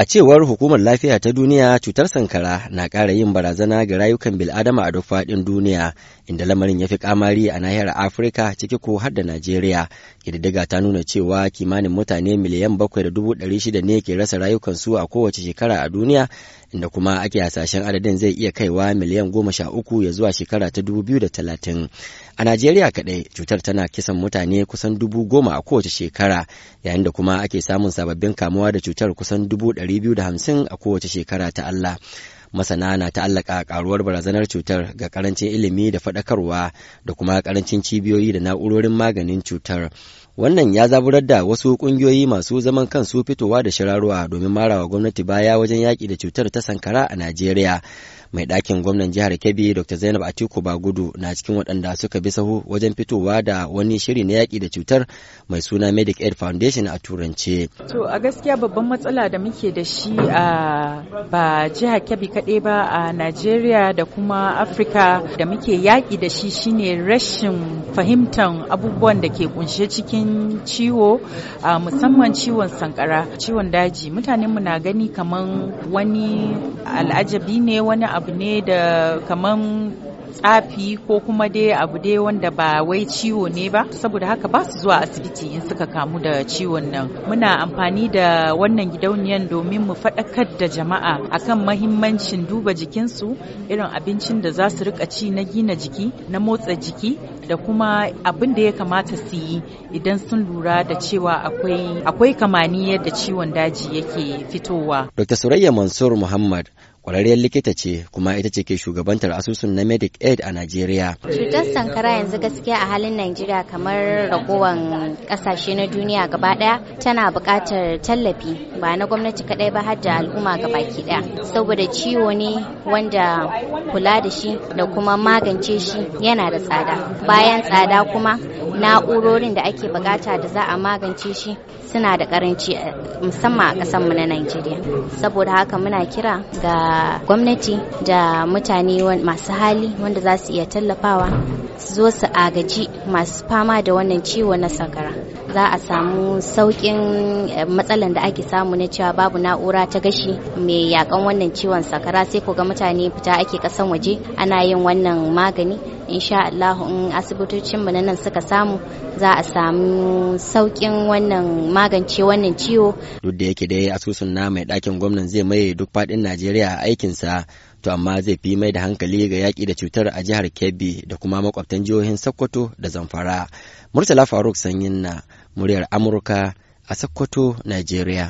A cewar Hukumar Lafiya ta Duniya cutar sankara na ƙara yin barazana ga rayukan bil'adama a duk faɗin duniya inda lamarin ya fi kamari a nahiyar Afirka ciki ko har da Najeriya. Ƙididdiga ta nuna cewa kimanin mutane miliyan bakwai da dubu ɗari shida ne ke rasa rayukansu a kowace shekara a duniya inda kuma ake hasashen adadin zai iya kaiwa miliyan goma sha uku ya zuwa shekara ta dubu biyu da talatin. A Najeriya kaɗai cutar tana kisan mutane kusan dubu goma a kowace shekara yayin da kuma ake samun sababbin kamuwa da cutar kusan dubu ɗari biyu da 250 a kowace shekara ta Allah. masana na ta'allaka karuwar barazanar cutar ga karancin ilimi da faɗakarwa da kuma karancin cibiyoyi da na'urorin maganin cutar wannan ya zaburar da wasu ƙungiyoyi masu zaman kansu fitowa da shirarwa domin marawa gwamnati baya wajen yaƙi da cutar ta sankara a najeriya mai ɗakin gwamnan jihar kebbi dr zainab atiku bagudu na cikin waɗanda suka bi sahu wajen fitowa da wani shiri na yaƙi da cutar mai suna medic aid foundation a turance to a gaskiya babban matsala da muke da shi a ba jihar kebbi kaɗai ba a najeriya da kuma afirka da muke yaƙi da shi shine rashin fahimtar abubuwan da ke kunshe cikin ciwo musamman ciwon sankara ciwon daji mutanenmu na gani kaman wani al'ajabi ne wani abu ne da kaman tsafi ko kuma dai abu dai wanda ba wai ciwo ne ba saboda haka ba su zuwa asibiti in suka kamu da ciwon nan muna amfani da wannan gidauniyan domin mu faɗakar da jama'a akan mahimmancin duba jikinsu irin abincin da za su rika ci na gina jiki na motsa jiki da kuma abin da ya kamata su yi idan sun lura da cewa akwai kamani yadda ciwon daji yake fitowa dr surayya mansur muhammad kwararriyar likita ce kuma ita ce ke shugabantar asusun na medic aid a nigeria. cutar sankara yanzu gaskiya a halin nigeria kamar ragowan kasashe na duniya gaba daya tana bukatar tallafi ba na gwamnati kadai ba har al'umma gaba baki daya saboda ciwo ne wanda kula da shi da kuma magance shi yana da tsada bayan tsada kuma na'urorin da ake bukata da za a magance shi suna da karanci eh, musamman a kasanmu mu na Najeriya saboda haka muna kira ga gwamnati da mutane masu hali wanda za su iya tallafawa su zo su agaji masu fama da wannan ciwo na sakara za a samu saukin eh, matsalan da ake samu na cewa babu na'ura ta gashi mai yakan wannan ciwon sakara sai ko ga mutane fita ake kasan waje ana yin wannan magani insha Allah in asibitocin mu nan suka samu samu za a samu saukin wannan magance wannan ciwo. Duk da yake dai asusun na mai ɗakin gwamnan zai maye duk faɗin Najeriya a aikinsa to amma zai fi mai da hankali ga yaƙi da cutar a jihar Kebbi da kuma makwabtan jihohin Sokoto da Zamfara. Murtala Faruk Sanyin na muryar Amurka a Sokoto, Najeriya.